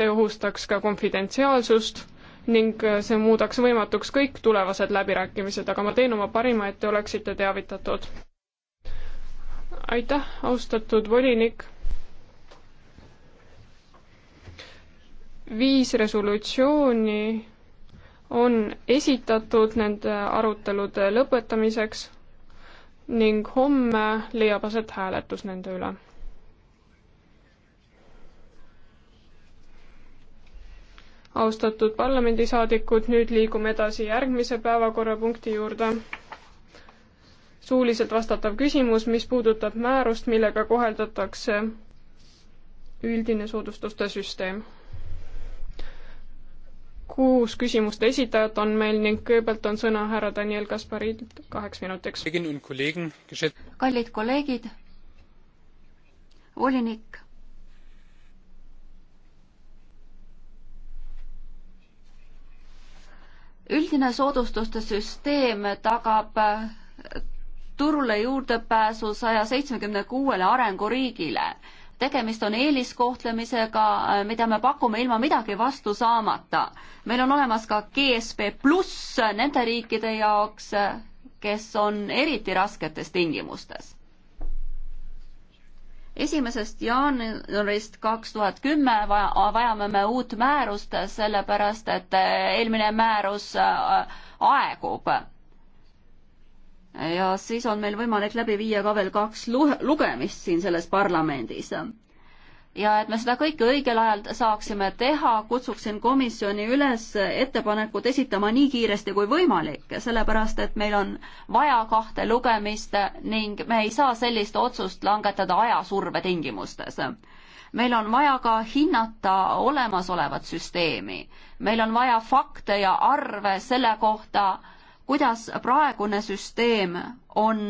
see ohustaks ka konfidentsiaalsust ning äh, see muudaks võimatuks kõik tulevased läbirääkimised, aga ma teen oma parima, et te oleksite teavitatud. aitäh, austatud volinik. viis resolutsiooni on esitatud nende arutelude lõpetamiseks ning homme leiab aset hääletus nende üle austatud parlamendisaadikud, nüüd liigume edasi järgmise päevakorrapunkti juurde. suuliselt vastatav küsimus, mis puudutab määrust, millega koheldatakse üldine soodustuste süsteem. kuus küsimuste esitajat on meil ning kõigepealt on sõna härra Daniel Kasparilt kaheks minutiks. kallid kolleegid, volinik üldine soodustuste süsteem tagab äh, turule juurdepääsu saja seitsmekümne kuuele arenguriigile. tegemist on eeliskohtlemisega, äh, mida me pakume ilma midagi vastu saamata. meil on olemas ka GSP pluss nende riikide jaoks, äh, kes on eriti rasketes tingimustes esimesest jaanuarist kaks tuhat kümme vajame me uut määrust, sellepärast et eelmine määrus äh, aegub. ja siis on meil võimalik läbi viia ka veel kaks lugemist siin selles parlamendis ja et me seda kõike õigel ajal saaksime teha, kutsuksin komisjoni üles ettepanekud esitama nii kiiresti kui võimalik, sellepärast et meil on vaja kahte lugemist ning me ei saa sellist otsust langetada ajasurve tingimustes. meil on vaja ka hinnata olemasolevat süsteemi, meil on vaja fakte ja arve selle kohta, kuidas praegune süsteem on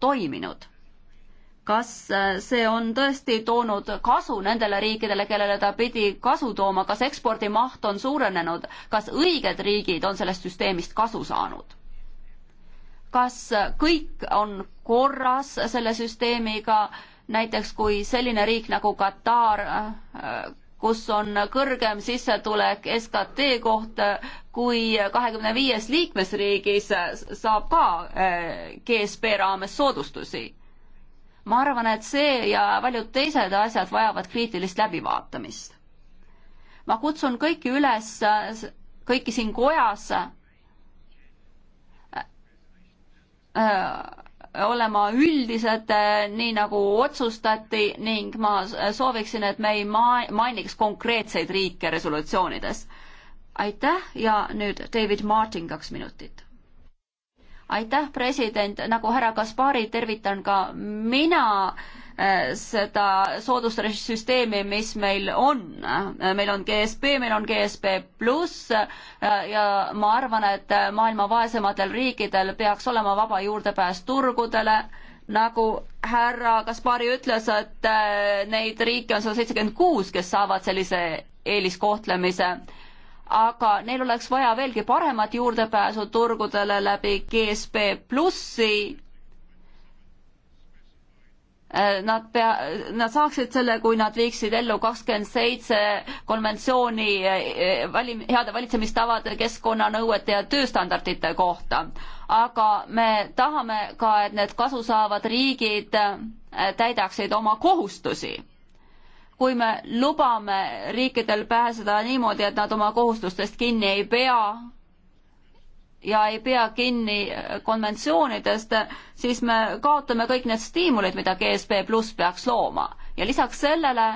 toiminud kas äh, see on tõesti toonud kasu nendele riikidele, kellele ta pidi kasu tooma, kas ekspordimaht on suurenenud, kas õiged riigid on sellest süsteemist kasu saanud? kas kõik on korras selle süsteemiga, näiteks kui selline riik nagu Katar, äh, kus on kõrgem sissetulek SKT kohta kui kahekümne viies liikmesriigis, saab ka äh, GSP raames soodustusi ma arvan, et see ja paljud teised asjad vajavad kriitilist läbivaatamist. ma kutsun kõiki üles, kõiki siin kojas äh, olema üldised, äh, nii nagu otsustati ning ma sooviksin, et me ei mainiks konkreetseid riike resolutsioonides. aitäh ja nüüd David Martin, kaks minutit aitäh, president, nagu härra Kaspari, tervitan ka mina äh, seda soodustussüsteemi, mis meil on. Äh, meil on GSP, meil on GSP pluss äh, ja ma arvan, et maailma vaesematel riikidel peaks olema vaba juurdepääs turgudele, nagu härra Kaspari ütles, et neid riike on sada seitsekümmend kuus, kes saavad sellise eeliskohtlemise aga neil oleks vaja veelgi paremat juurdepääsu turgudele läbi GSP plussi. Äh, nad pea, nad saaksid selle, kui nad viiksid ellu kakskümmend seitse konventsiooni äh, valim-, heade valitsemistavade, keskkonnanõuete ja tööstandardite kohta. aga me tahame ka, et need kasu saavad riigid äh, täidaksid oma kohustusi kui me lubame riikidel pääseda niimoodi, et nad oma kohustustest kinni ei pea ja ei pea kinni konventsioonidest, siis me kaotame kõik need stiimulid, mida GSP pluss peaks looma ja lisaks sellele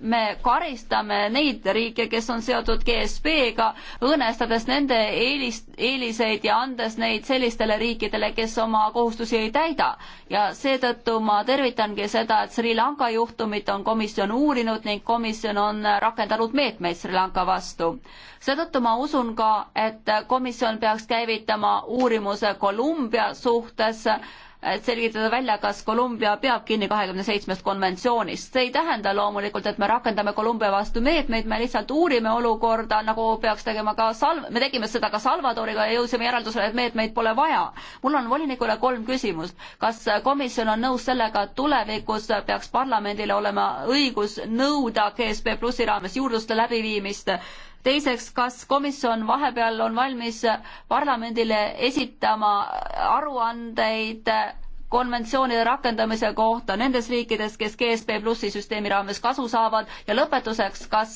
me karistame neid riike, kes on seotud GSP-ga, õõnestades nende eelis, eeliseid ja andes neid sellistele riikidele, kes oma kohustusi ei täida. ja seetõttu ma tervitangi seda, et Sri Lanka juhtumit on komisjon uurinud ning komisjon on rakendanud meetmeid Sri Lanka vastu. seetõttu ma usun ka, et komisjon peaks käivitama uurimuse Kolumbia suhtes selgitada välja, kas Kolumbia peab kinni kahekümne seitsmest konventsioonist. see ei tähenda loomulikult, et me rakendame Kolumbia vastu meetmeid, me lihtsalt uurime olukorda, nagu peaks tegema ka Sal-, me tegime seda ka Salvadoriga ja jõudsime järeldusele, et meetmeid pole vaja. mul on volinikule kolm küsimust. kas komisjon on nõus sellega, et tulevikus peaks parlamendile olema õigus nõuda GSP Plussi raames juurdluste läbiviimist teiseks, kas komisjon vahepeal on valmis parlamendile esitama aruandeid konventsioonide rakendamise kohta nendes riikides, kes GSP Plussi süsteemi raames kasu saavad ja lõpetuseks, kas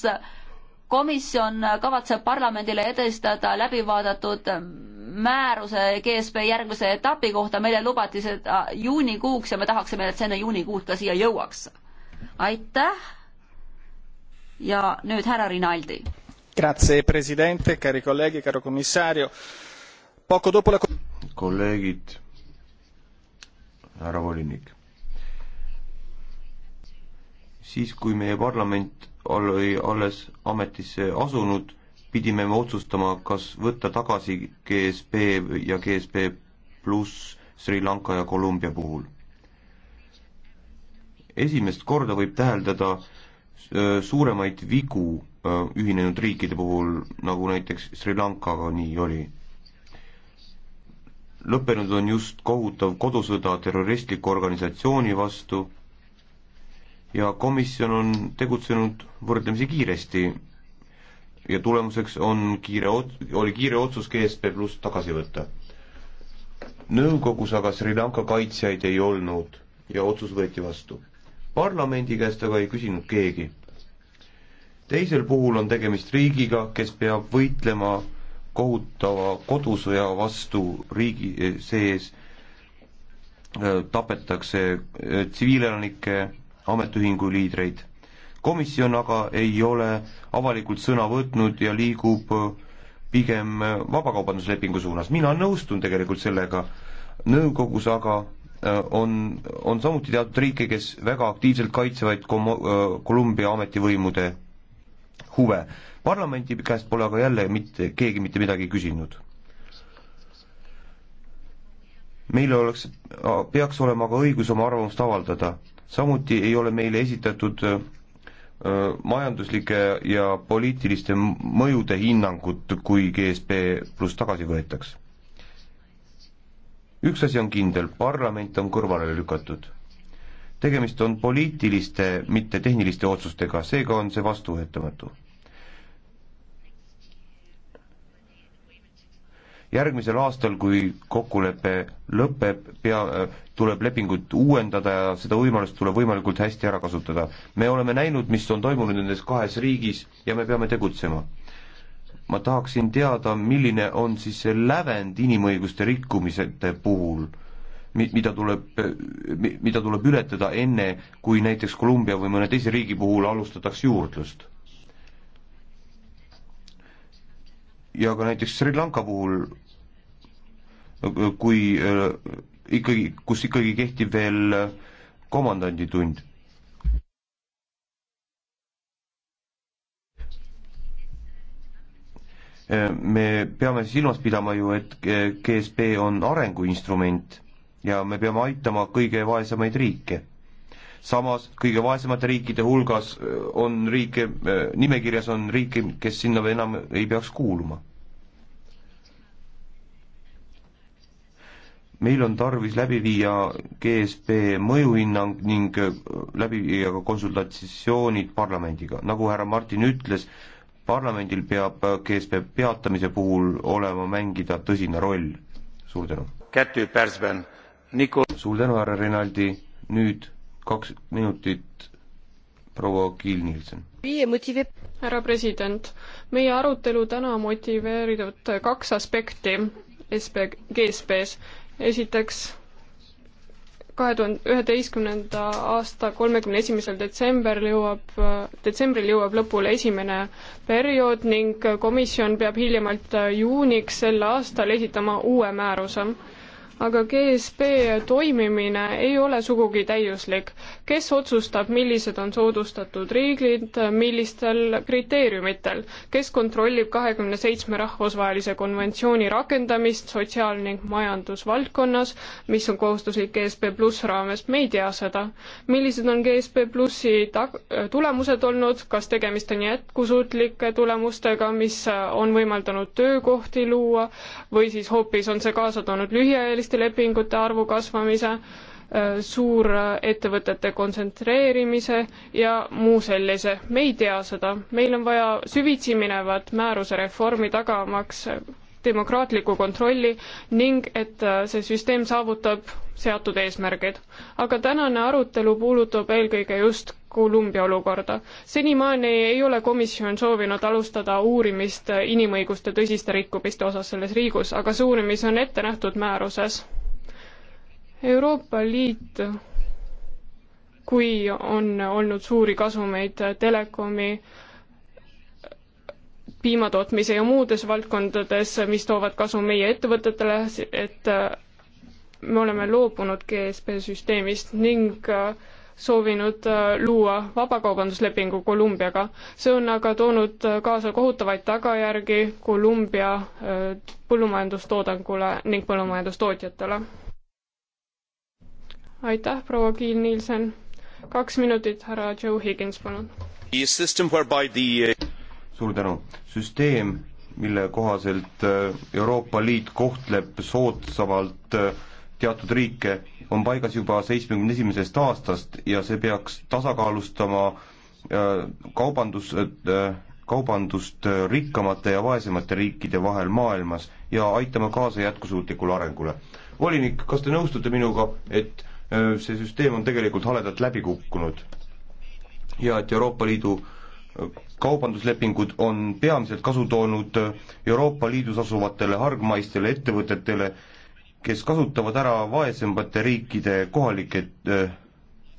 komisjon kavatseb parlamendile edestada läbivaadatud määruse GSP järgmise etapi kohta, meile lubati seda juunikuuks ja me tahaksime, et see enne juunikuud ka siia jõuaks. aitäh ja nüüd härra Rinaldi signor presidente onorevoli colleghi caro commissario poco dopo la. kolleegid härra volinik siis kui meie parlament oli alles ametisse asunud pidime me otsustama kas võtta tagasi GSP ja GSP pluss Sri Lanka ja Kolumbia puhul esimest korda võib täheldada äh, suuremaid vigu Äh, ühinenud riikide puhul, nagu näiteks Sri Lankaga nii oli. lõppenud on just kohutav kodusõda terroristliku organisatsiooni vastu ja komisjon on tegutsenud võrdlemisi kiiresti ja tulemuseks on kiire ot-, oli kiire otsus GSP pluss tagasi võtta. nõukogus aga Sri Lanka kaitsjaid ei olnud ja otsus võeti vastu. parlamendi käest aga ei küsinud keegi teisel puhul on tegemist riigiga, kes peab võitlema kohutava kodusõja vastu riigi eh, sees, äh, tapetakse äh, tsiviilelanikke, ametiühingu liidreid. komisjon aga ei ole avalikult sõna võtnud ja liigub äh, pigem vabakaubanduslepingu suunas, mina nõustun tegelikult sellega, nõukogus aga on, on samuti teatud riike, kes väga aktiivselt kaitsevad Kom-, Kolumbia ametivõimude huve. parlamendi käest pole aga jälle mitte keegi mitte midagi küsinud. meil oleks, peaks olema ka õigus oma arvamust avaldada, samuti ei ole meile esitatud majanduslike ja poliitiliste mõjude hinnangut, kui GSP pluss tagasi võetaks. üks asi on kindel, parlament on kõrvale lükatud. tegemist on poliitiliste, mitte tehniliste otsustega, seega on see vastuvõetamatu. järgmisel aastal, kui kokkulepe lõpeb, pea, tuleb lepingut uuendada ja seda võimalust tuleb võimalikult hästi ära kasutada. me oleme näinud, mis on toimunud nendes kahes riigis ja me peame tegutsema. ma tahaksin teada, milline on siis see lävend inimõiguste rikkumisete puhul, mida tuleb, mida tuleb ületada enne, kui näiteks Kolumbia või mõne teise riigi puhul alustatakse juurdlust ja ka näiteks Sri Lanka puhul kui äh, ikkagi, kus ikkagi kehtib veel äh, komandanditund. Äh, me peame silmas pidama ju, et GSP on arenguinstrument ja me peame aitama kõige vaesemaid riike samas kõige vaesemate riikide hulgas on riike, nimekirjas on riike, kes sinna enam ei peaks kuuluma. meil on tarvis läbi viia GSB mõjuhinnang ning äh, läbi viia ka konsultatsioonid parlamendiga. nagu härra Martin ütles, parlamendil peab äh, GSB peatamise puhul olema mängida tõsine roll. suur tänu. suur tänu, härra Rinaldi, nüüd kaks minutit proua Kiil Nielsen. härra president, meie arutelu täna motiveerivad kaks aspekti SB, GSB-s esiteks kahe tuhande üheteistkümnenda aasta kolmekümne esimesel detsembril jõuab, detsembril jõuab lõpule esimene periood ning komisjon peab hiljemalt juuniks sel aastal esitama uue määruse aga GSP toimimine ei ole sugugi täiuslik. kes otsustab, millised on soodustatud riigid, millistel kriteeriumitel, kes kontrollib kahekümne seitsme rahvusvahelise konventsiooni rakendamist sotsiaal- ning majandusvaldkonnas, mis on kohustuslik GSP pluss raames, me ei tea seda. millised on GSP plussi tag-, tulemused olnud, kas tegemist on jätkusuutlike tulemustega, mis on võimaldanud töökohti luua või siis hoopis on see kaasa toonud lühiajalist koostöölepingute arvu kasvamise, äh, suurettevõtete kontsentreerimise ja muu sellise. me ei tea seda, meil on vaja süvitsi minevat määruse reformi tagamaks demokraatliku kontrolli ning et äh, see süsteem saavutab seatud eesmärgid. aga tänane arutelu puudutab eelkõige just Kolumbia olukorda. senimaani ei ole komisjon soovinud alustada uurimist inimõiguste tõsiste rikkumiste osas selles riigus, aga see uurimis on ette nähtud määruses. Euroopa Liit, kui on olnud suuri kasumeid telekomi piimatootmise ja muudes valdkondades, mis toovad kasu meie ettevõtetele, et me oleme loobunud GSP e süsteemist ning äh, soovinud äh, luua vabakaubanduslepingu Kolumbiaga. see on aga toonud äh, kaasa kohutavaid tagajärgi Kolumbia äh, põllumajandustoodangule ning põllumajandustootjatele. aitäh, proua Kiil Nielsen. kaks minutit, härra Joe Higgins, palun. suur tänu. süsteem, mille kohaselt Euroopa Liit kohtleb soodsamalt äh, teatud riike on paigas juba seitsmekümne esimesest aastast ja see peaks tasakaalustama äh, kaubandus, äh, kaubandust äh, rikkamate ja vaesemate riikide vahel maailmas ja aitama kaasa jätkusuutlikule arengule. volinik, kas te nõustute minuga, et see süsteem on tegelikult haledalt läbi kukkunud ja et Euroopa Liidu kaubanduslepingud on peamiselt kasu toonud Euroopa Liidus asuvatele hargmaistele ettevõtetele, kes kasutavad ära vaesemate riikide kohalikke äh,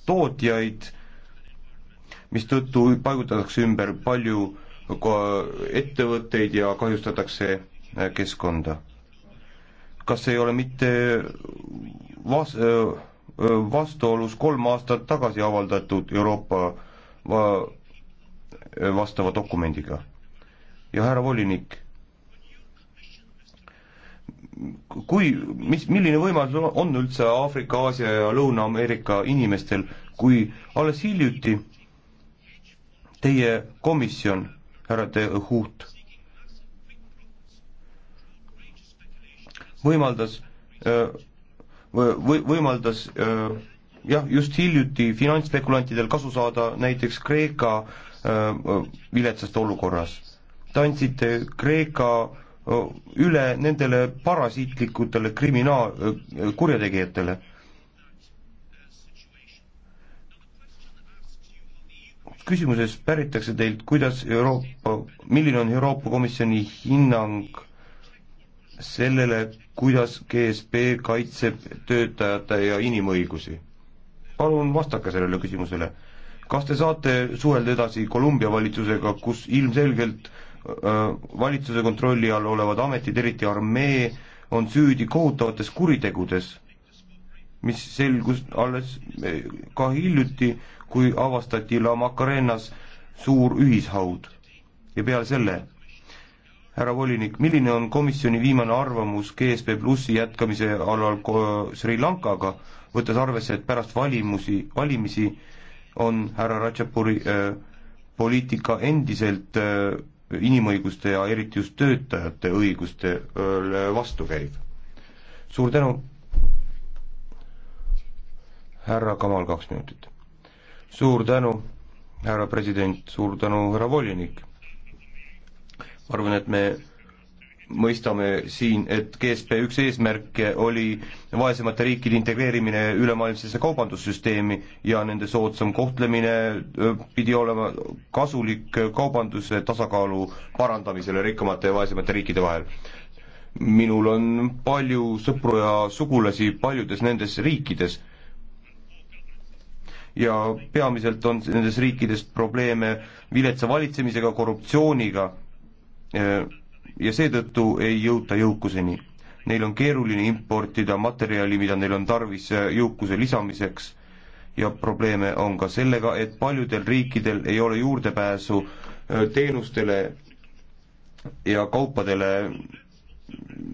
tootjaid, mistõttu paigutatakse ümber palju ettevõtteid ja kahjustatakse äh, keskkonda. kas ei ole mitte vas-, äh, vastuolus kolm aastat tagasi avaldatud Euroopa va-, vastava dokumendiga? ja härra volinik kui, mis, milline võimalus on üldse Aafrika, Aasia ja Lõuna-Ameerika inimestel, kui alles hiljuti teie komisjon, härra De Huht, võimaldas äh, või võimaldas äh, jah, just hiljuti finantsspekulantidel kasu saada näiteks Kreeka äh, viletsast olukorras. te andsite Kreeka üle nendele parasiitlikutele kriminaal-, kurjategijatele. küsimuses päritakse teilt, kuidas Euroopa, milline on Euroopa Komisjoni hinnang sellele, kuidas GSP kaitseb töötajate ja inimõigusi? palun vastake sellele küsimusele. kas te saate suhelda edasi Kolumbia valitsusega, kus ilmselgelt äh, Äh, valitsuse kontrolli all olevad ametid, eriti armee, on süüdi kohutavates kuritegudes, mis selgus alles eh, ka hiljuti, kui avastati La Macarenas suur ühishaud. ja peale selle, härra volinik, milline on komisjoni viimane arvamus GSP Plussi jätkamise alal Sri Lankaga, võttes arvesse, et pärast valimusi, valimisi on härra Ratšapuri äh, eh, poliitika endiselt äh, inimõiguste ja eriti just töötajate õigustele vastu käib. suur tänu, härra Kamal, kaks minutit. suur tänu, härra president, suur tänu, härra volinik. ma arvan, et me mõistame siin, et GSP üks eesmärke oli vaesemate riikide integreerimine ülemaailmsesse kaubandussüsteemi ja nende soodsam kohtlemine pidi olema kasulik kaubanduse tasakaalu parandamisele rikkamate ja vaesemate riikide vahel. minul on palju sõpru ja sugulasi paljudes nendes riikides ja peamiselt on nendes riikides probleeme viletsa valitsemisega, korruptsiooniga, ja seetõttu ei jõuta jõukuseni. Neil on keeruline importida materjali, mida neil on tarvis jõukuse lisamiseks ja probleeme on ka sellega, et paljudel riikidel ei ole juurdepääsu teenustele ja kaupadele,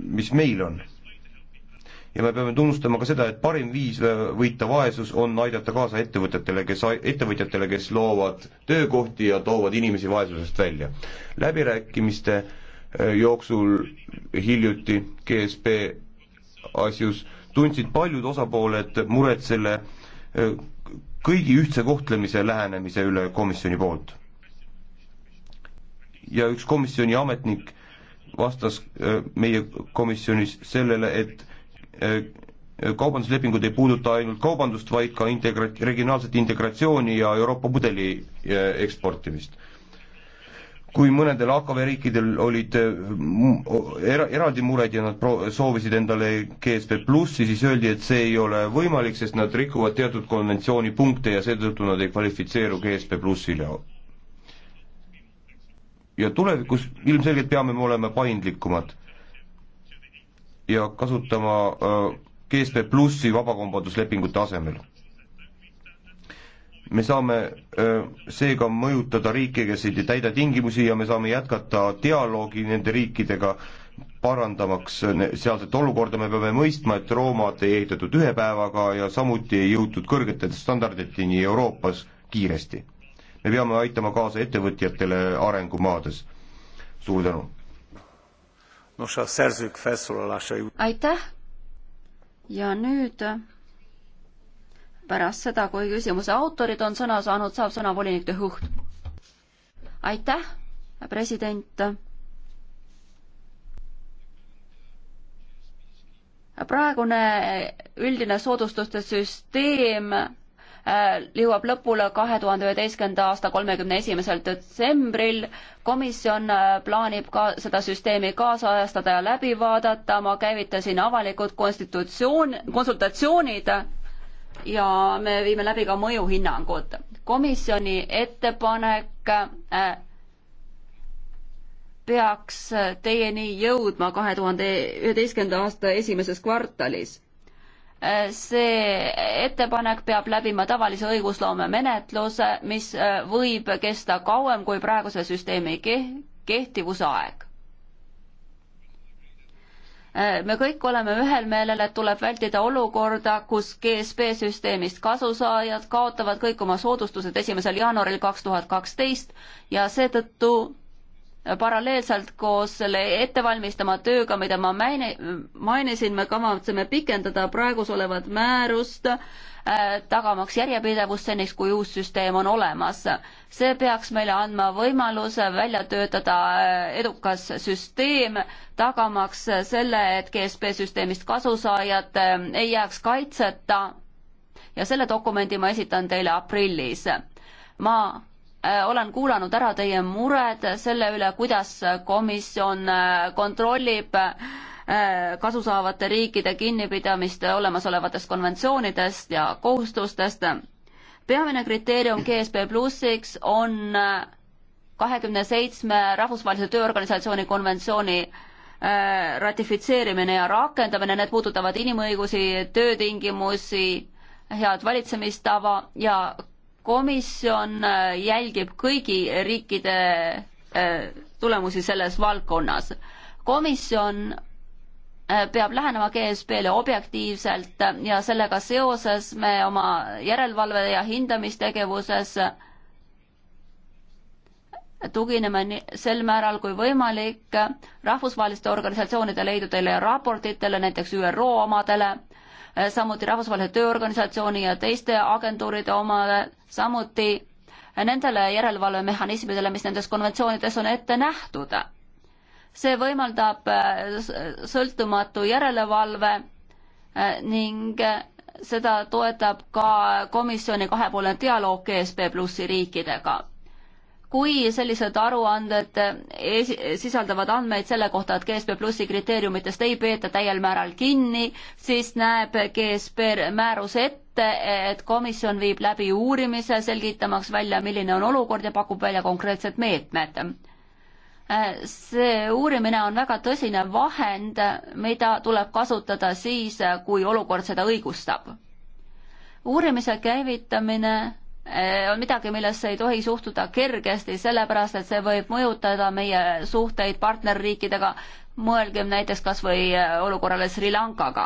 mis meil on. ja me peame tunnustama ka seda, et parim viis võita vaesus on aidata kaasa ettevõtetele, kes, ettevõtjatele, kes loovad töökohti ja toovad inimesi vaesusest välja. läbirääkimiste äh, jooksul hiljuti GSP asjus, tundsid paljud osapooled muret selle e, kõigi ühtse kohtlemise lähenemise üle komisjoni poolt. ja üks komisjoni ametnik vastas e, meie komisjonis sellele, et e, kaubanduslepingud ei puuduta ainult kaubandust, vaid ka integra-, regionaalset integratsiooni ja Euroopa mudeli eksportimist kui mõnedel AKV riikidel olid äh, era-, eraldi mured ja nad pro-, soovisid endale GSP plussi, siis öeldi, et see ei ole võimalik, sest nad rikuvad teatud konventsiooni punkte ja seetõttu nad ei kvalifitseeru GSP plussile. ja tulevikus ilmselgelt peame me olema paindlikumad ja kasutama äh, GSP plussi vabakombauduslepingute asemel me saame seega mõjutada riike, kes ei täida tingimusi ja me saame jätkata dialoogi nende riikidega, parandamaks sealset olukorda, me peame mõistma, et Roomat ei ehitatud ühe päevaga ja samuti ei jõutud kõrgete standarditeni Euroopas kiiresti. me peame aitama kaasa ettevõtjatele arengumaades. suur tänu! aitäh ja nüüd pärast seda, kui küsimuse autorid on sõna saanud, saab sõna volinik De Hucht. aitäh, president. praegune üldine soodustuste süsteem jõuab äh, lõpule kahe tuhande üheteistkümnenda aasta kolmekümne esimesel detsembril. komisjon äh, plaanib ka seda süsteemi kaasajastada ja läbi vaadata, ma käivitasin avalikud konstitutsioon, konsultatsioonid ja me viime läbi ka mõjuhinnangud. komisjoni ettepanek äh, peaks teieni jõudma kahe tuhande üheteistkümnenda aasta esimeses kvartalis. Äh, see ettepanek peab läbima tavalise õigusloome menetluse, mis äh, võib kesta kauem kui praeguse süsteemi kehtivusaeg Äh, me kõik oleme ühel meelel, et tuleb vältida olukorda, kus GSP süsteemist kasusaajad kaotavad kõik oma soodustused esimesel jaanuaril kaks tuhat kaksteist ja seetõttu paralleelselt koos selle ettevalmistama tööga, mida ma maini-, mainisin, me kavatseme pikendada praegus olevat määrust äh,, tagamaks järjepidevust seniks, kui uus süsteem on olemas. see peaks meile andma võimaluse välja töötada äh, edukas süsteem, tagamaks selle, et GSP süsteemist kasusaajad äh, ei jääks kaitseta ja selle dokumendi ma esitan teile aprillis. ma Äh, olen kuulanud ära teie mured selle üle, kuidas komisjon äh, kontrollib äh, kasu saavate riikide kinnipidamist olemasolevatest konventsioonidest ja kohustustest. peamine kriteerium GSP plussiks on kahekümne seitsme rahvusvahelise tööorganisatsiooni konventsiooni ratifitseerimine ja rakendamine, need puudutavad inimõigusi, töötingimusi, head valitsemistava ja komisjon äh, jälgib kõigi riikide äh, tulemusi selles valdkonnas. komisjon äh, peab lähenema GSB-le objektiivselt ja sellega seoses me oma järelevalve ja hindamistegevuses tugineme sel määral kui võimalik rahvusvaheliste organisatsioonide leidudele ja raportitele, näiteks ÜRO omadele Äh, samuti Rahvusvahelise Tööorganisatsiooni ja teiste agentuuride omale, samuti äh, nendele järelevalvemehhanismidele, mis nendes konventsioonides on ette nähtud. see võimaldab äh, sõltumatu järelevalve ning seda toetab ka komisjoni kahepoolne dialoog GSP Plussi riikidega kui sellised aruanded eh, sisaldavad andmeid selle kohta, et GSP Plussi kriteeriumitest ei peeta täiel määral kinni, siis näeb GSP määrus ette, et komisjon viib läbi uurimise, selgitamaks välja, milline on olukord ja pakub välja konkreetsed meetmed. Eh, see uurimine on väga tõsine vahend, mida tuleb kasutada siis, kui olukord seda õigustab. uurimise käivitamine Eh, on midagi, millesse ei tohi suhtuda kergesti, sellepärast et see võib mõjutada meie suhteid partnerriikidega. mõelgem näiteks kas või eh, olukorrale Sri Lankaga.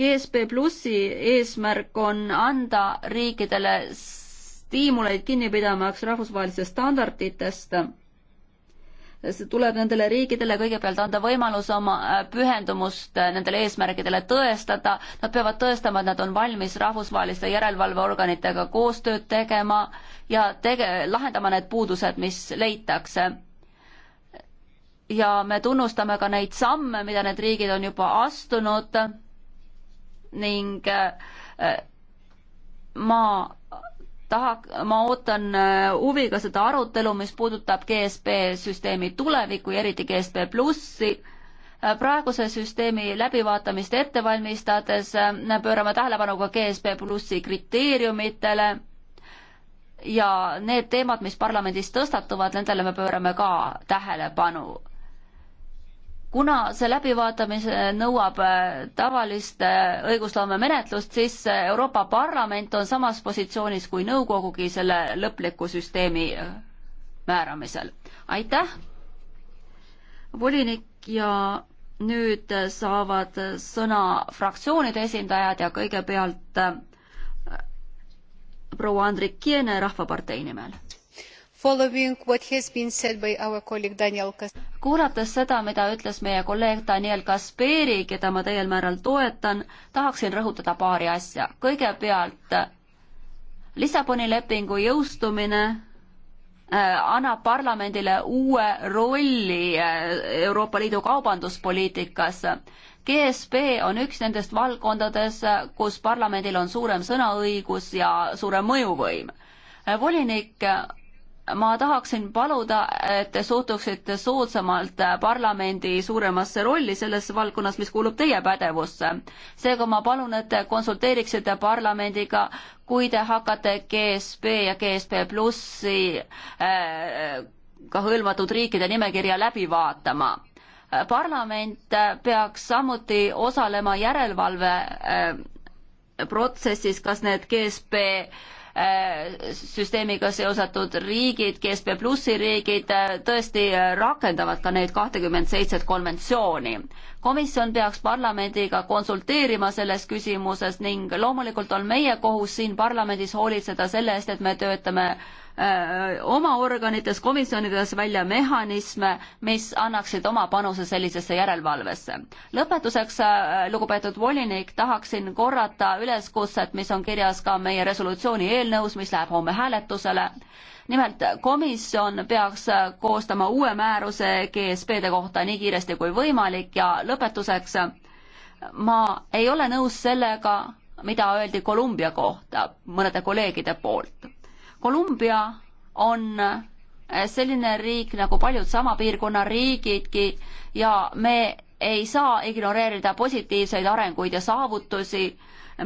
GSP Plussi eesmärk on anda riikidele stiimuleid kinni pidamaks rahvusvahelistest standarditest tuleb nendele riikidele kõigepealt anda võimalus oma äh, pühendumust äh, nendele eesmärkidele tõestada, nad peavad tõestama, et nad on valmis rahvusvaheliste järelevalveorganitega koostööd tegema ja tege-, lahendama need puudused, mis leitakse. ja me tunnustame ka neid samme, mida need riigid on juba astunud ning äh, ma taha, ma ootan äh, huviga seda arutelu, mis puudutab GSP süsteemi tulevikku ja eriti GSP plussi. Äh, praeguse süsteemi läbivaatamist ette valmistades äh, pöörame tähelepanu ka GSP plussi kriteeriumitele ja need teemad, mis parlamendis tõstatuvad, nendele me pöörame ka tähelepanu kuna see läbivaatamise nõuab äh, tavalist äh, õigusloome menetlust, siis äh, Euroopa Parlament on samas positsioonis kui nõukogugi selle lõpliku süsteemi määramisel. aitäh, volinik ja nüüd saavad sõna fraktsioonide esindajad ja kõigepealt proua Andrik Kiene Rahvapartei nimel kuulates seda, mida ütles meie kolleeg Daniel Kasperi, keda ma täiel määral toetan, tahaksin rõhutada paari asja. kõigepealt Lissaboni lepingu jõustumine äh, annab parlamendile uue rolli äh, Euroopa Liidu kaubanduspoliitikas. GSP on üks nendest valdkondades, kus parlamendil on suurem sõnaõigus ja suurem mõjuvõim. Äh, volinik ma tahaksin paluda, et te suhtuksite soodsamalt parlamendi suuremasse rolli selles valdkonnas, mis kuulub teie pädevusse. seega ma palun, et te konsulteeriksite parlamendiga, kui te hakkate GSB ja GSB Plussi eh, ka hõlmatud riikide nimekirja läbi vaatama parlament peaks samuti osalema järelevalve eh, protsessis, kas need GSB äh, Äh, süsteemiga seosatud riigid, GSP Plussi riigid, äh, tõesti äh, rakendavad ka neid kahtekümmet seitset konventsiooni. komisjon peaks parlamendiga konsulteerima selles küsimuses ning loomulikult on meie kohus siin parlamendis hoolitseda selle eest, et me töötame Äh, oma organites, komisjonides välja mehhanisme, mis annaksid oma panuse sellisesse järelevalvesse. lõpetuseks, äh, lugupeetud volinik, tahaksin korrata üleskutset, mis on kirjas ka meie resolutsiooni eelnõus, mis läheb homme hääletusele. nimelt komisjon peaks äh, koostama uue määruse GSP-de kohta nii kiiresti kui võimalik ja lõpetuseks ma ei ole nõus sellega, mida öeldi Kolumbia kohta mõnede kolleegide poolt Kolumbia on eh, selline riik nagu paljud sama piirkonna riigidki ja me ei saa ignoreerida positiivseid arenguid ja saavutusi,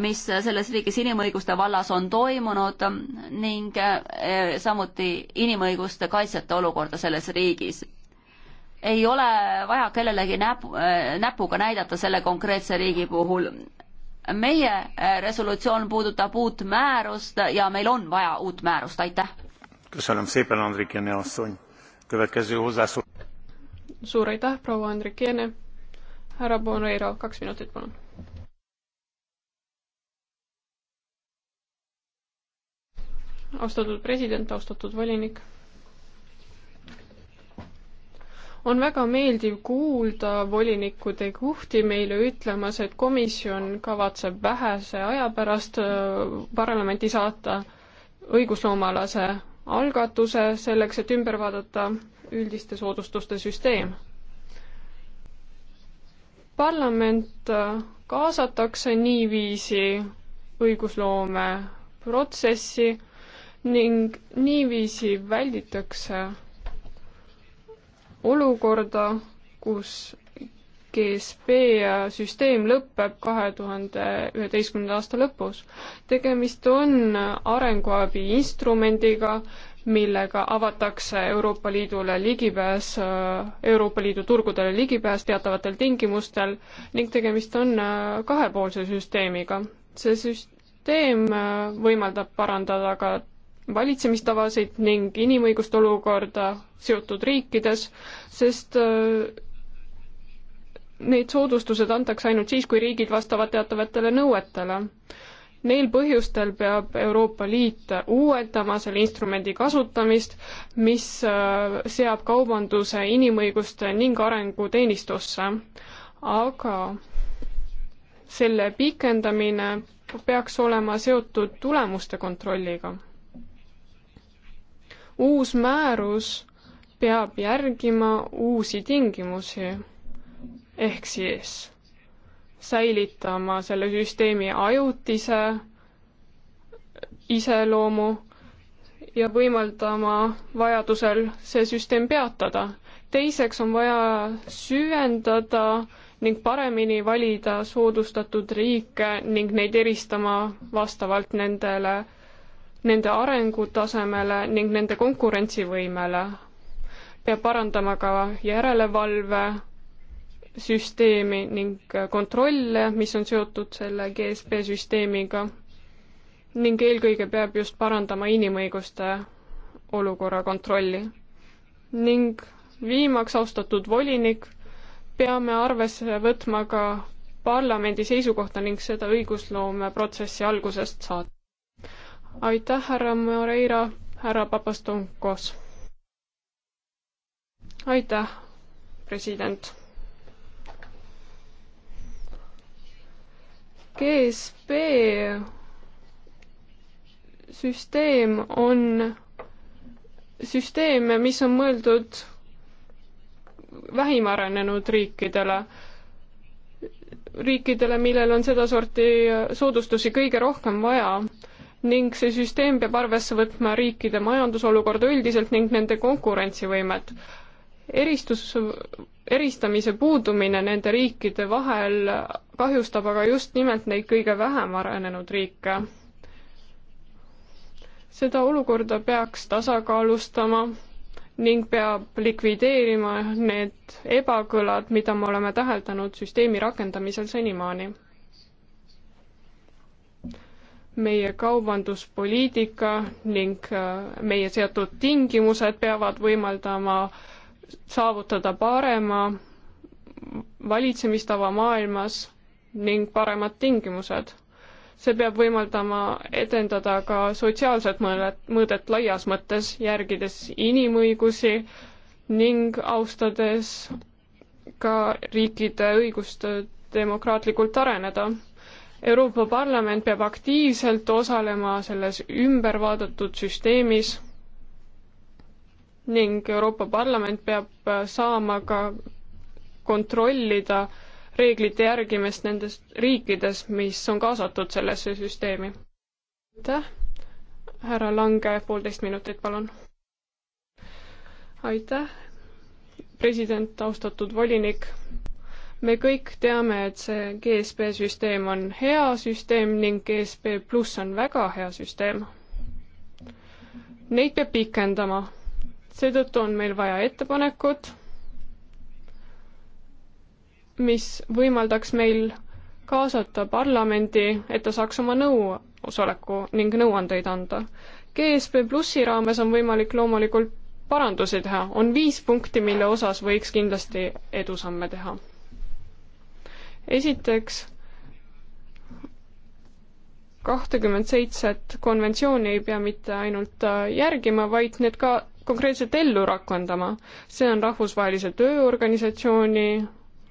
mis selles riigis inimõiguste vallas on toimunud ning eh, samuti inimõiguste kaitsjate olukorda selles riigis. ei ole vaja kellelegi näpu, eh, näpuga näidata selle konkreetse riigi puhul meie äh, resolutsioon puudutab uut määrust ja meil on vaja uut määrust, aitäh. suur aitäh, proua Andrikiene. härra Bonreiro, kaks minutit, palun. austatud president, austatud volinik on väga meeldiv kuulda volinikku De Guhti meile ütlemas, et komisjon kavatseb vähese aja pärast äh, parlamenti saata õigusloomalase algatuse selleks, et ümber vaadata üldiste soodustuste süsteem. parlament äh, kaasatakse niiviisi õigusloome protsessi ning niiviisi välditakse olukorda, kus GSP süsteem lõpeb kahe tuhande üheteistkümnenda aasta lõpus. tegemist on arenguabi instrumendiga, millega avatakse Euroopa Liidule ligipääs, Euroopa Liidu turgudele ligipääs teatavatel tingimustel ning tegemist on kahepoolse süsteemiga. see süsteem võimaldab parandada ka valitsemistavasid ning inimõiguste olukorda seotud riikides, sest äh, need soodustused antakse ainult siis, kui riigid vastavad teatavatele nõuetele. Neil põhjustel peab Euroopa Liit uuendama selle instrumendi kasutamist, mis äh, seab kaubanduse inimõiguste ning arengu teenistusse. aga selle pikendamine peaks olema seotud tulemuste kontrolliga uus määrus peab järgima uusi tingimusi, ehk siis säilitama selle süsteemi ajutise iseloomu ja võimaldama vajadusel see süsteem peatada. teiseks on vaja süvendada ning paremini valida soodustatud riike ning neid eristama vastavalt nendele nende arengutasemele ning nende konkurentsivõimele. peab parandama ka järelevalve süsteemi ning kontrolle, mis on seotud selle GSP süsteemiga ning eelkõige peab just parandama inimõiguste olukorra kontrolli. ning viimaks, austatud volinik, peame arvesse võtma ka parlamendi seisukohta ning seda õigusloome protsessi algusest saata aitäh, härra Moreira, härra Papastonkos. aitäh, president. GSP süsteem on süsteem, mis on mõeldud vähim arenenud riikidele, riikidele, millel on sedasorti soodustusi kõige rohkem vaja ning see süsteem peab arvesse võtma riikide majandusolukorda üldiselt ning nende konkurentsivõimet. eristus, eristamise puudumine nende riikide vahel kahjustab aga just nimelt neid kõige vähem arenenud riike. seda olukorda peaks tasakaalustama ning peab likvideerima need ebakõlad, mida me oleme täheldanud süsteemi rakendamisel senimaani meie kaubanduspoliitika ning äh, meie seatud tingimused peavad võimaldama saavutada parema valitsemistava maailmas ning paremad tingimused. see peab võimaldama edendada ka sotsiaalset mõõdet, mõõdet laias mõttes, järgides inimõigusi ning austades ka riikide õigust demokraatlikult areneda Euroopa Parlament peab aktiivselt osalema selles ümbervaadatud süsteemis ning Euroopa Parlament peab äh, saama ka kontrollida reeglite järgimist nendes riikides, mis on kaasatud sellesse süsteemi. aitäh, härra Lange, poolteist minutit, palun. aitäh, president, austatud volinik, me kõik teame, et see GSP süsteem on hea süsteem ning GSP pluss on väga hea süsteem. Neid peab pikendama. seetõttu on meil vaja ettepanekut, mis võimaldaks meil kaasata parlamendi, et ta saaks oma nõusoleku ning nõuandeid anda. GSP Plussi raames on võimalik loomulikult parandusi teha, on viis punkti, mille osas võiks kindlasti edusamme teha esiteks, kahtekümmend seitset konventsiooni ei pea mitte ainult äh, järgima, vaid need ka konkreetselt ellu rakendama. see on Rahvusvahelise Tööorganisatsiooni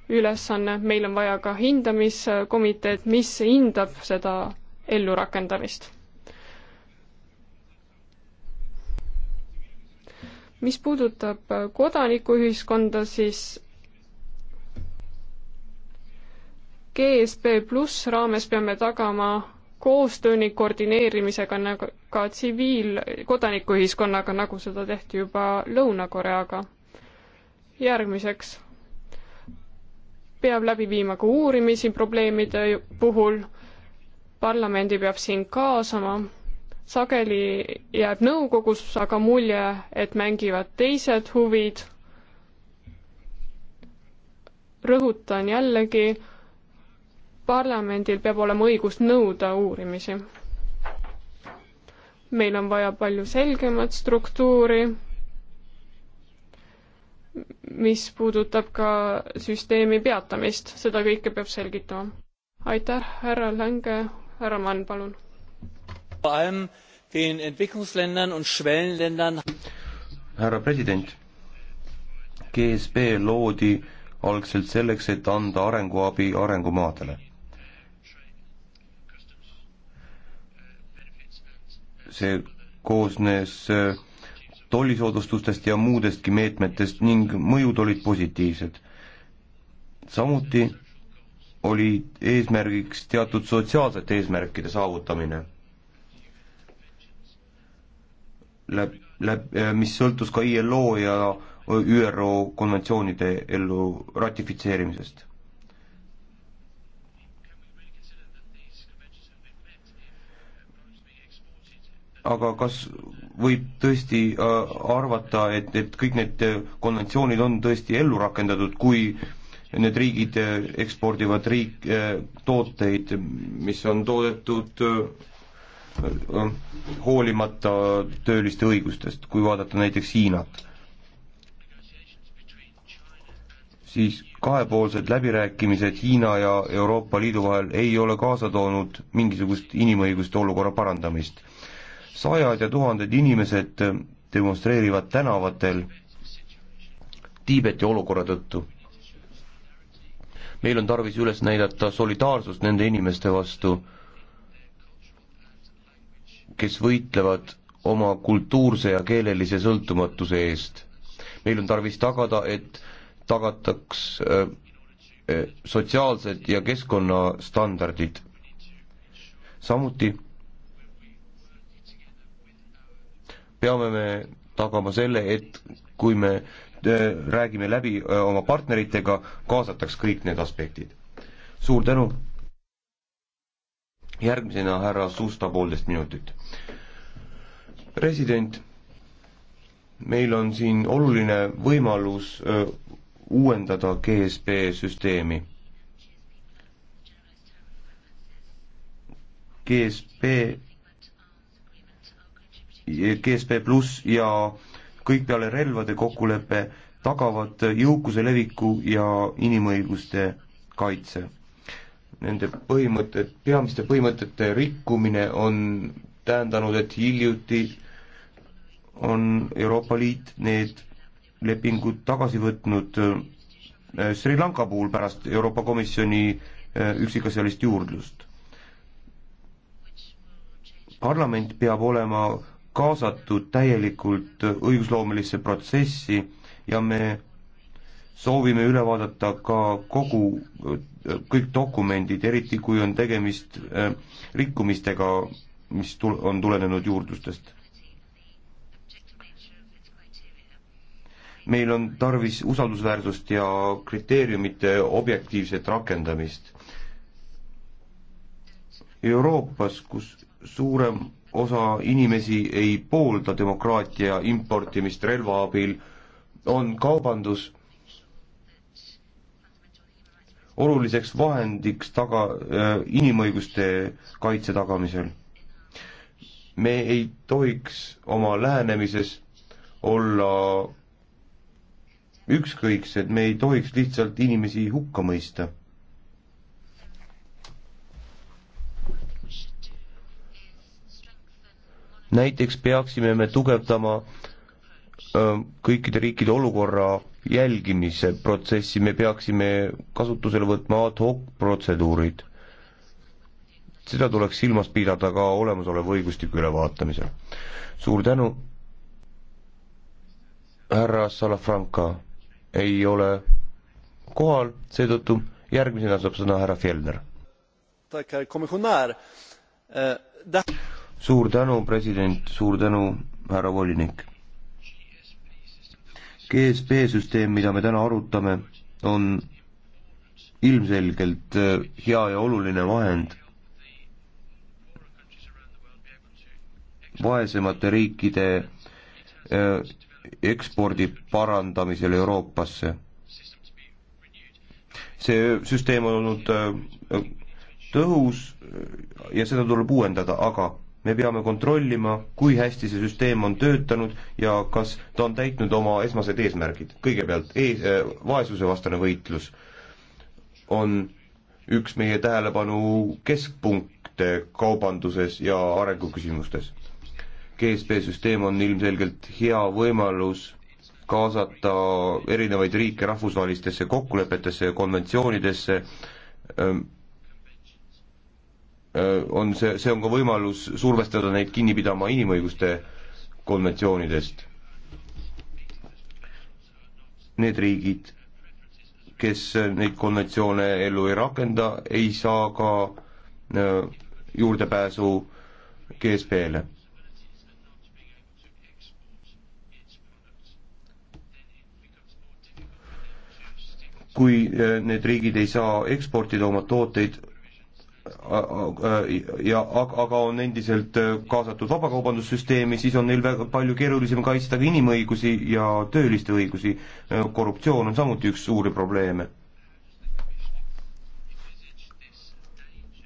ülesanne, meil on vaja ka hindamiskomiteed, mis hindab seda ellurakendamist. mis puudutab kodanikuühiskonda, siis GSP pluss raames peame tagama koostöö ning koordineerimisega nagu ka tsiviil, kodanikuühiskonnaga, nagu seda tehti juba Lõuna-Koreaga. järgmiseks peab läbi viima ka uurimisi probleemide puhul, parlamendi peab siin kaasama, sageli jääb nõukogus aga mulje, et mängivad teised huvid, rõhutan jällegi, parlamendil peab olema õigus nõuda uurimisi. meil on vaja palju selgemat struktuuri, mis puudutab ka süsteemi peatamist, seda kõike peab selgitama. aitäh, härra Länge, härra Mann, palun. härra president, GSB loodi algselt selleks, et anda arenguabi arengumaadele see koosnes äh, tollisoodustustest ja muudestki meetmetest ning mõjud olid positiivsed. samuti oli eesmärgiks teatud sotsiaalsete eesmärkide saavutamine, läb-, läb-, äh, mis sõltus ka ILO ja ÜRO konventsioonide ellu ratifitseerimisest aga kas võib tõesti äh, arvata, et, et kõik need äh, konventsioonid on tõesti ellu rakendatud, kui need riigid äh, ekspordivad riik, tooteid, mis on toodetud hoolimata tööliste õigustest, kui vaadata näiteks Hiinat, siis kahepoolsed läbirääkimised Hiina ja Euroopa Liidu vahel ei ole kaasa toonud mingisugust inimõiguste olukorra parandamist sajad ja tuhanded inimesed demonstreerivad tänavatel Tiibeti olukorra tõttu. meil on tarvis üles näidata solidaarsust nende inimeste vastu, kes võitlevad oma kultuurse ja keelelise sõltumatuse eest. meil on tarvis tagada, et tagataks äh, äh, sotsiaalsed ja keskkonnastandardid. samuti peame me tagama selle, et kui me äh, räägime läbi äh, oma partneritega, kaasataks kõik need aspektid. suur tänu. järgmisena härra Susta poolteist minutit. president, meil on siin oluline võimalus öö, äh, uuendada GSP süsteemi. GSP GSP pluss ja kõik peale relvade kokkulepe tagavad jõukuse leviku ja inimõiguste kaitse. Nende põhimõtted, peamiste põhimõtete rikkumine on tähendanud, et hiljuti on Euroopa Liit need lepingud tagasi võtnud äh, Sri Lanka puhul pärast Euroopa Komisjoni äh, üksikasjalist juurdlust. parlament peab olema kaasatud täielikult õigusloomelisse protsessi ja me soovime üle vaadata ka kogu, kõik dokumendid, eriti kui on tegemist äh, rikkumistega, mis tul-, on tulenenud juurdlustest. meil on tarvis usaldusväärsust ja kriteeriumite objektiivset rakendamist. Euroopas, kus suurem osa inimesi ei poolda demokraatia importimist relva abil, on kaubandus oluliseks vahendiks taga, äh, inimõiguste kaitse tagamisel. me ei tohiks oma lähenemises olla ükskõiksed, me ei tohiks lihtsalt inimesi hukka mõista näiteks peaksime me tugevdama kõikide riikide olukorra jälgimise protsessi, me peaksime kasutusele võtma ad hoc protseduurid. seda tuleks silmas pidada ka olemasoleva õigustiku ülevaatamisel. suur tänu, härra Salafranca ei ole kohal, seetõttu järgmisena saab sõna härra Fjellner suur tänu, president, suur tänu, härra volinik. GSP süsteem, mida me täna arutame, on ilmselgelt äh, hea ja oluline vahend vaesemate riikide äh, ekspordi parandamisel Euroopasse. see süsteem on olnud äh, tõhus ja seda tuleb uuendada, aga me peame kontrollima, kui hästi see süsteem on töötanud ja kas ta on täitnud oma esmased eesmärgid. kõigepealt ees, äh, vaesusevastane võitlus on üks meie tähelepanu keskpunkte kaubanduses ja arenguküsimustes. GSP süsteem on ilmselgelt hea võimalus kaasata erinevaid riike rahvusvahelistesse kokkulepetesse ja konventsioonidesse, ähm, on see, see on ka võimalus survestada neid kinni pidama inimõiguste konventsioonidest. Need riigid, kes neid konventsioone ellu ei rakenda, ei saa ka juurdepääsu GSP-le kui need riigid ei saa eksportida oma tooteid, Äh, äh, äh, ja aga on endiselt kaasatud vabakaubandussüsteemi, siis on neil väga palju keerulisem kaitsta ka inimõigusi ja tööliste õigusi. korruptsioon on samuti üks suuri probleeme.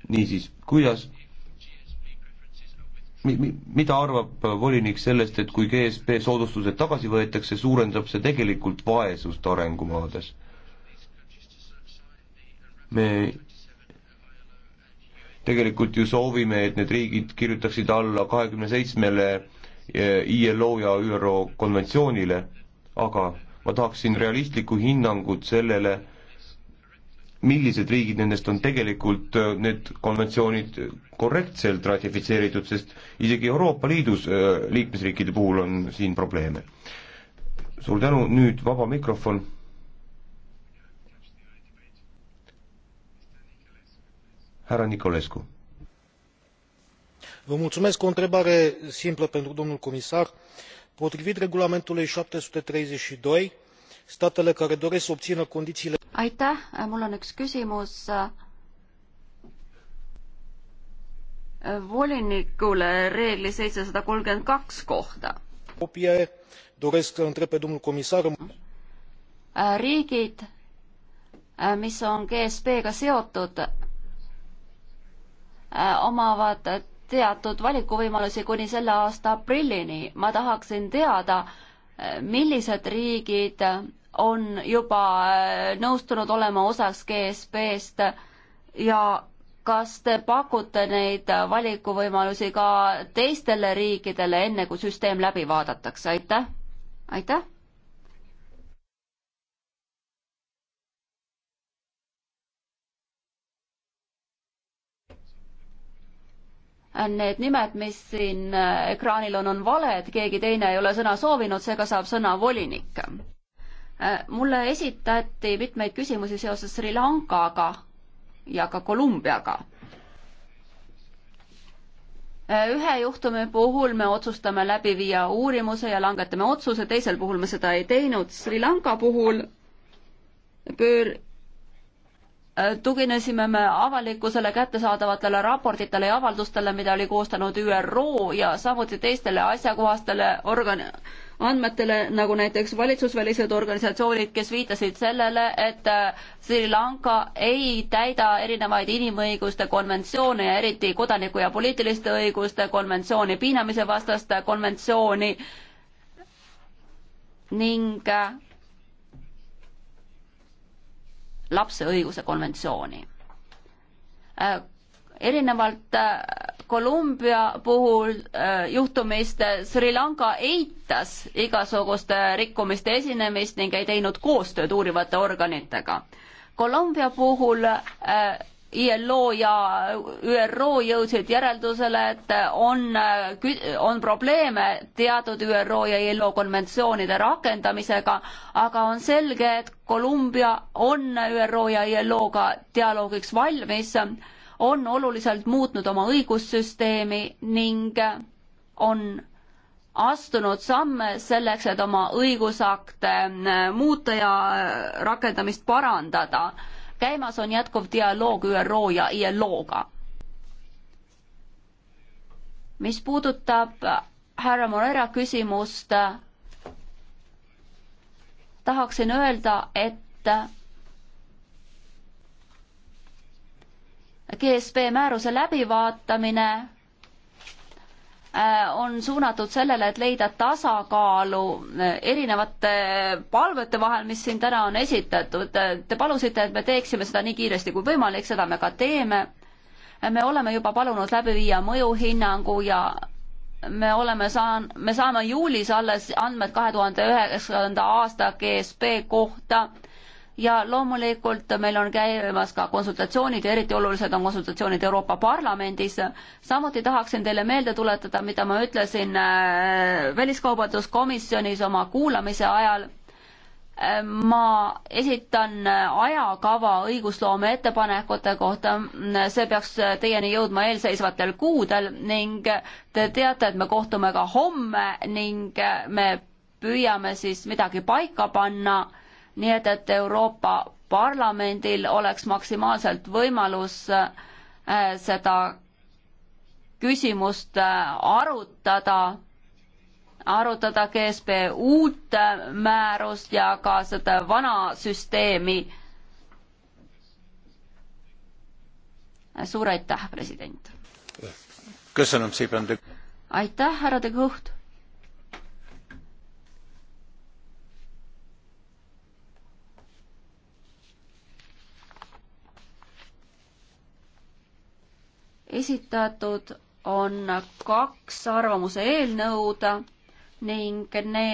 niisiis, kuidas mi-, mi-, mida arvab volinik sellest, et kui GSP soodustused tagasi võetakse, suurendab see tegelikult vaesust arengumaades? me tegelikult ju soovime, et need riigid kirjutaksid alla kahekümne seitsmele eh, ILO ja ÜRO konventsioonile, aga ma tahaksin realistlikku hinnangut sellele, millised riigid nendest on tegelikult eh, need konventsioonid korrektselt ratifitseeritud, sest isegi Euroopa Liidus eh, liikmesriikide puhul on siin probleeme. suur tänu, nüüd vaba mikrofon härra Nicolescu. Vă mulțumesc. O întrebare simplă pentru domnul comisar. Potrivit regulamentului 732, statele care doresc să obțină condițiile... Aitäh, mul on üks küsimus volinikule reegli 732 kohta. Copie, doresc să întreb pe domnul comisar... Riigid, mis on GSP-ga seotud, Äh, omavad teatud valikuvõimalusi kuni selle aasta aprillini. ma tahaksin teada, äh, millised riigid on juba äh, nõustunud olema osaks GSP-st ja kas te pakute neid valikuvõimalusi ka teistele riikidele, enne kui süsteem läbi vaadatakse, aitäh! aitäh! need nimed, mis siin äh, ekraanil on, on valed, keegi teine ei ole sõna soovinud, seega saab sõna volinik. Äh, mulle esitati mitmeid küsimusi seoses Sri Lankaga ja ka Kolumbiaga. Äh, ühe juhtumi puhul me otsustame läbi viia uurimuse ja langetame otsuse, teisel puhul me seda ei teinud. Sri Lanka puhul pöör-, Äh, tuginesime me avalikkusele kättesaadavatele raportitele ja avaldustele, mida oli koostanud ÜRO ja samuti teistele asjakohastele organ-, andmetele, nagu näiteks valitsusvälised organisatsioonid, kes viitasid sellele, et äh, Sri Lanka ei täida erinevaid inimõiguste konventsioone ja eriti kodaniku- ja poliitiliste õiguste konventsiooni, piinamise vastast konventsiooni ning äh, lapse õiguse konventsiooni. Äh, erinevalt äh, Kolumbia puhul äh, juhtumist Sri Lanka eitas igasuguste rikkumiste esinemist ning ei teinud koostööd uurivate organitega. Kolumbia puhul ILO ja ÜRO jõudsid järeldusele, et on, on probleeme teatud ÜRO ja ILO konventsioonide rakendamisega, aga on selge, et Kolumbia on ÜRO ja ILO-ga dialoogiks valmis, on oluliselt muutnud oma õigussüsteemi ning on astunud samme selleks, et oma õigusakte muuta ja rakendamist parandada käimas on jätkuv dialoog ÜRO ja ILO-ga. mis puudutab härra Morera küsimust, tahaksin öelda, et GSB määruse läbivaatamine Äh, on suunatud sellele, et leida tasakaalu äh, erinevate palvete vahel, mis siin täna on esitatud. Äh, te palusite, et me teeksime seda nii kiiresti kui võimalik, seda me ka teeme. me oleme juba palunud läbi viia mõjuhinnangu ja me oleme saan-, me saame juulis alles andmed kahe tuhande üheksanda aasta GSP kohta ja loomulikult meil on käimas ka konsultatsioonid ja eriti olulised on konsultatsioonid Euroopa Parlamendis. samuti tahaksin teile meelde tuletada, mida ma ütlesin äh, Väliskaubanduskomisjonis oma kuulamise ajal. Äh, ma esitan äh, ajakava õigusloome ettepanekute kohta, see peaks teieni jõudma eelseisvatel kuudel ning te teate, et me kohtume ka homme ning me püüame siis midagi paika panna nii et, et Euroopa Parlamendil oleks maksimaalselt võimalus äh, seda küsimust äh, arutada, arutada GSB uut äh, määrust ja ka seda vana süsteemi. suur aitäh, president! aitäh, härra de Gucht! esitatud on kaks arvamuse eelnõud ning need